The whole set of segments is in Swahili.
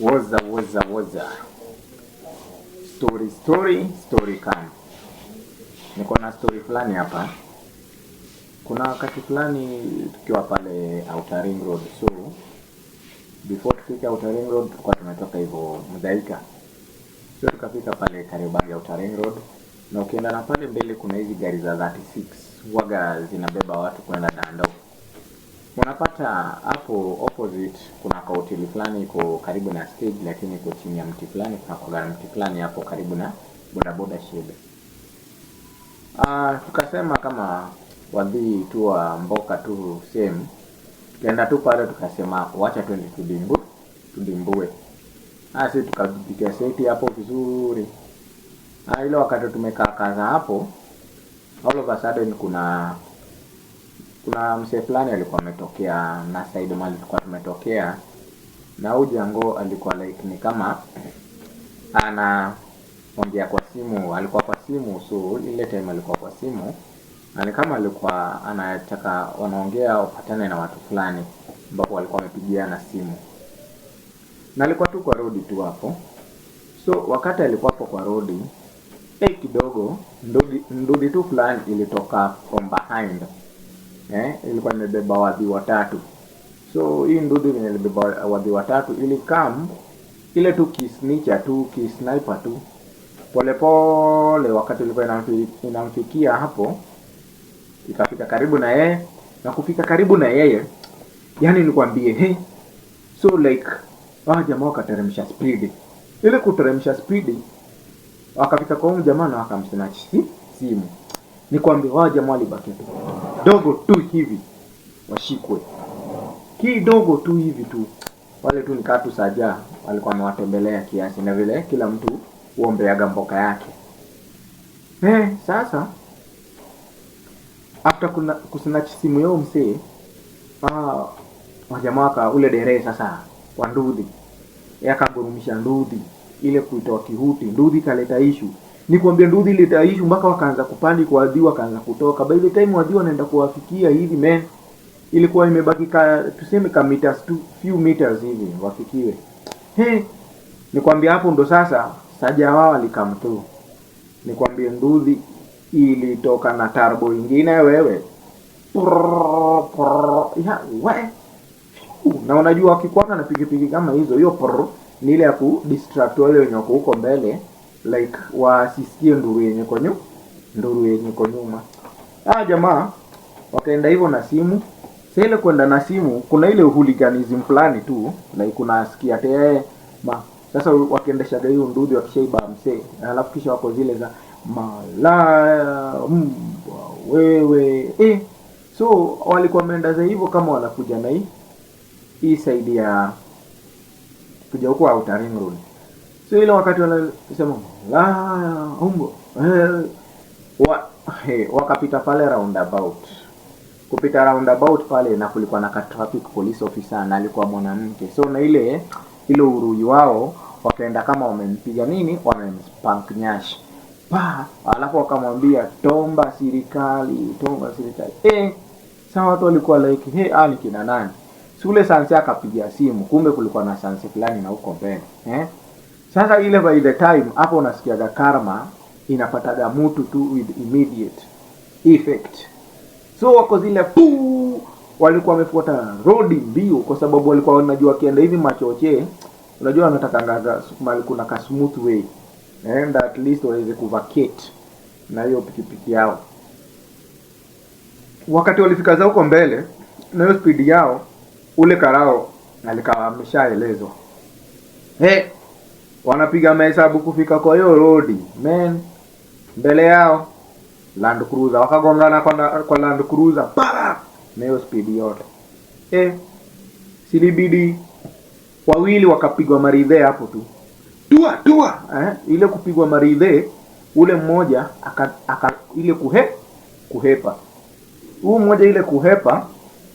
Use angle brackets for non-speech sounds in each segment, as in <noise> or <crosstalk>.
Woza woza woza, story story story. Kama niko na story fulani hapa. Kuna wakati fulani tukiwa pale Outer Ring Road Suru, before tufike Outer Ring Road tulikuwa tumetoka hivyo Mdhaika, sio tukafika pale karibali Outer Ring Road, na ukienda na pale mbele kuna hizi gari za 36 waga zinabeba watu kwenda Dandau unapata hapo opposite kuna kahoteli fulani iko karibu na stage, lakini iko chini ya mti fulani. Kuna kwa mti fulani hapo karibu na bodaboda shebe. Ah, tukasema kama wadhii tu wa mboka tu same, tukaenda tu pale tukasema wacha twende tudimbu tudimbue. Ah, sisi tukapiga seti hapo vizuri. Ah, ile wakati tumekaa kaza hapo all of a sudden kuna kuna msee fulani alikuwa ametokea na side mali tulikuwa tumetokea na huyu jango alikuwa like ni kama ana ongea kwa simu, alikuwa kwa simu. So ile time alikuwa kwa simu na kama alikuwa anataka wanaongea wapatane na watu fulani, ambapo walikuwa wamepigiana simu na alikuwa tu kwa rodi tu hapo. So wakati alikuwa hapo kwa rodi eh, hey, kidogo ndudi, ndudi tu fulani ilitoka from behind eh, ilikuwa imebeba wadhi watatu. So hii ndudu venye ilibeba wadhi watatu ili kam ile tu kisnicha tu kisniper tu polepole pole, wakati ilikuwa inamfikia hapo, ikafika karibu na yeye na kufika karibu na yeye, yani nikwambie, hey, so like ah, jamaa wakateremsha spidi ile kuteremsha spidi, wakafika kwa huyu jamaa na wakamsnatch simu. Nikwambie, wao jamaa walibaki dogo tu hivi washikwe dogo tu hivi tu. Wale tu nikatu saja walikuwa wamewatembelea kiasi, na vile kila mtu huombeaga mboka yake eh. Sasa afta kuna kusina simu yao msee, ah, wajamaa ule deree sasa wa ndudhi yakagurumisha ndudhi ile kuitoa kihuti ndudhi kaleta ishu nikwambia nduthi ile taishu mpaka wakaanza kupani kwa adhi wakaanza kutoka. By the time adhi wanaenda kuwafikia hivi men ilikuwa imebaki ka tuseme ka meters tu few meters hivi wafikiwe. He, nikwambia hapo ndo sasa saja wao alikamtu. Nikwambia nduthi ilitoka na tarbo ingine wewe. Prrr, prrr, ya, we. Na unajua wakikwana na pikipiki kama hizo hiyo prrr, ni ile ya ku distract wale wenye wako huko mbele like wasisikie nduru yenye kwanyu nduru yenye kwa nyuma. aa jamaa wakaenda hivyo na simu. saile kwenda na simu, kuna ile uhuliganism fulani tu like unasikia tee eh, ma sasa wakiendeshaga hiyo ndudhi wakishaiba msee, alafu kisha wako zile za malaya mbwa wewe e. So walikuwa wameenda za hivyo kama wanakuja na hii hii side ya kuja huko outer ring road sio ile wakati wanasema la umbo eh, wa, hey, eh, wakapita pale roundabout kupita roundabout pale na kulikuwa na traffic police officer na alikuwa mwanamke so na ile ile urui wao wakaenda kama wamempiga nini wamempank nyash pa alafu wakamwambia tomba serikali tomba serikali eh sasa watu walikuwa like hey ali ah, kina nani sule ule sansi akapiga simu kumbe kulikuwa na sansi fulani na huko mbele eh sasa ile by the time hapo unasikiaga karma inapataga mtu tu with immediate effect. So wako zile puu walikuwa wamefuata rodi mbio, kwa sababu walikuwa wanajua wakienda hivi machoche, unajua wanatakanga mahali kuna ka smooth way and at least waweze kuvacate na hiyo pikipiki yao. Wakati walifika za huko mbele na hiyo speed yao, ule karao alikawa ameshaelezwa hey, wanapiga mahesabu kufika kwa hiyo road man, mbele yao Land Cruiser wakagongana kwa, kwa Land Cruiser pa na hiyo speed yote eh, silibidi wawili wakapigwa maridhe hapo tu tua tua eh, ile kupigwa maridhe ule mmoja aka, aka ile kuhe kuhepa huu mmoja ile kuhepa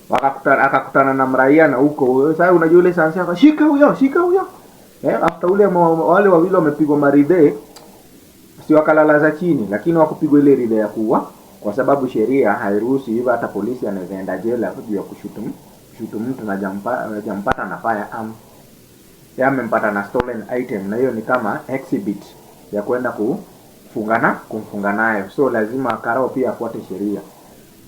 wakakutana akakutana na mraia na huko sasa, unajua ile sansi akashika huyo shika huyo eh, after ule wale wawili wamepigwa maridhe, si wakalala za chini, lakini wakupigwa ile ridhe ya kuwa, kwa sababu sheria hairuhusi hivyo. Hata polisi anawezaenda jela juu ya kushutumu kushutumu mtu na jampa, jampata na fire firearm ya amempata na stolen item, na hiyo ni kama exhibit ya kwenda kufungana kumfunga nayo, so lazima Karao pia afuate sheria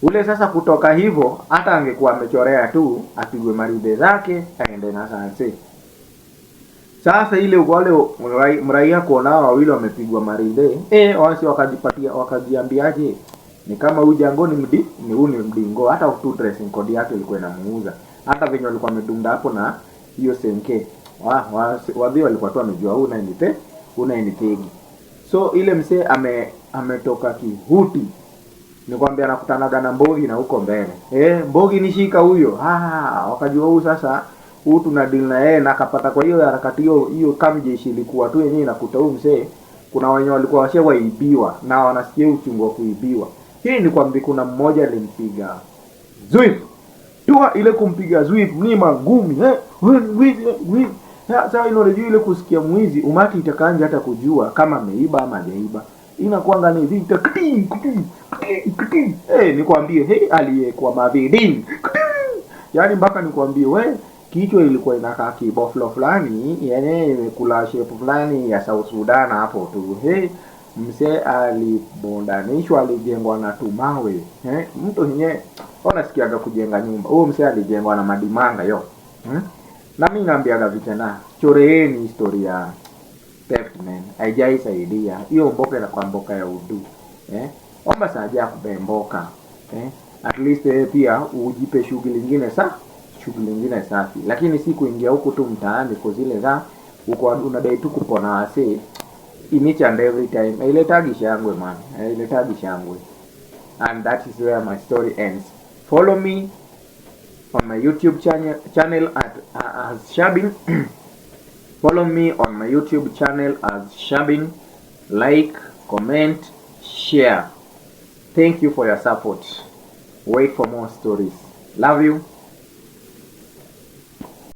ule sasa. Kutoka hivyo hata angekuwa amechorea tu, apigwe maridhe zake aende na sanse sasa ile wale mraia kuonao wawili wamepigwa marinde eh, wasi wakajipatia wakajiambiaje, ni kama huyu Jangoni mdi ni huyu ni mdingo. Hata tu dressing code yake ilikuwa inamuuza, hata venye walikuwa wamedunda hapo na hiyo senke wa wadhi walikuwa tu wamejua huyu na nite una nitegi. So ile mse ame ametoka kihuti, nikwambia anakutanaga na Mbogi na huko mbele eh, Mbogi nishika huyo, ha wakajua huyu sasa huu tuna deal na yeye na akapata. Kwa hiyo harakati hiyo hiyo kamjeshi ilikuwa tu yenyewe inakuta huyu mzee, kuna wenye walikuwa washawaibiwa na wanasikia uchungu wa kuibiwa. Hii ni kwambi, kuna mmoja alimpiga Zwip tua ile kumpiga Zwip ni magumi eh, wizi wizi. Sasa inareje ile kusikia mwizi umaki itakanja hata kujua kama ameiba ama hajaiba inakuanga ni vita kiti kiti kiti. Eh, nikwambie hey, aliyekuwa mavidini yani mpaka nikwambie we kichwa ilikuwa inakaa kiboflo fulani, yani imekula shepu fulani ya South Sudan hapo tu. Hey, mse alibondanishwa, alijengwa na tumawe. Hey, mtu yenye nasikiaga kujenga nyumba, huyo mse alijengwa na madimanga yo. Hmm? Na mimi naambiaga vitana choreeni historia theft man, saidia hiyo mboka, na kwa mboka ya udu eh, omba saja kubemboka eh, at least eh, pia ujipe shughuli nyingine saa shughuli nyingine safi, lakini si kuingia huku tu mtaani kwa zile za huko unadai tu kupona wase in each and every time. Ile tagi shangwe man, ile tagi shangwe, and that is where my story ends. Follow me on my YouTube channel channel at uh, as Shabin. <clears throat> Follow me on my YouTube channel as Shabin. Like, comment, share. Thank you for your support. Wait for more stories. Love you.